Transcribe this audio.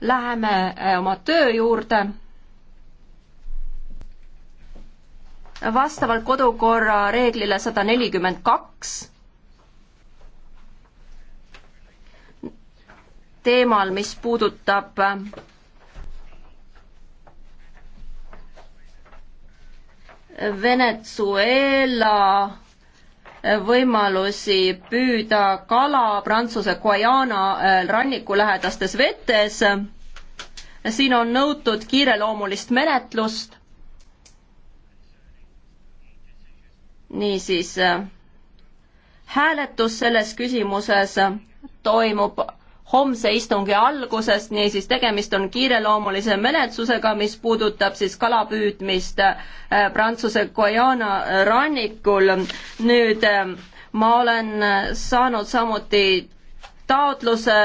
läheme äh, oma töö juurde. vastavalt kodukorra reeglile sada nelikümmend kaks teemal, mis puudutab äh, Venezuela võimalusi püüda kala Prantsuse Guajana äh, rannikulähedastes vetes. siin on nõutud kiireloomulist menetlust. niisiis, äh, hääletus selles küsimuses toimub homse istungi algusest, niisiis tegemist on kiireloomulise menetlusega, mis puudutab siis kalapüüdmist äh, Prantsuse Guyana rannikul. nüüd äh, ma olen äh, saanud samuti taotluse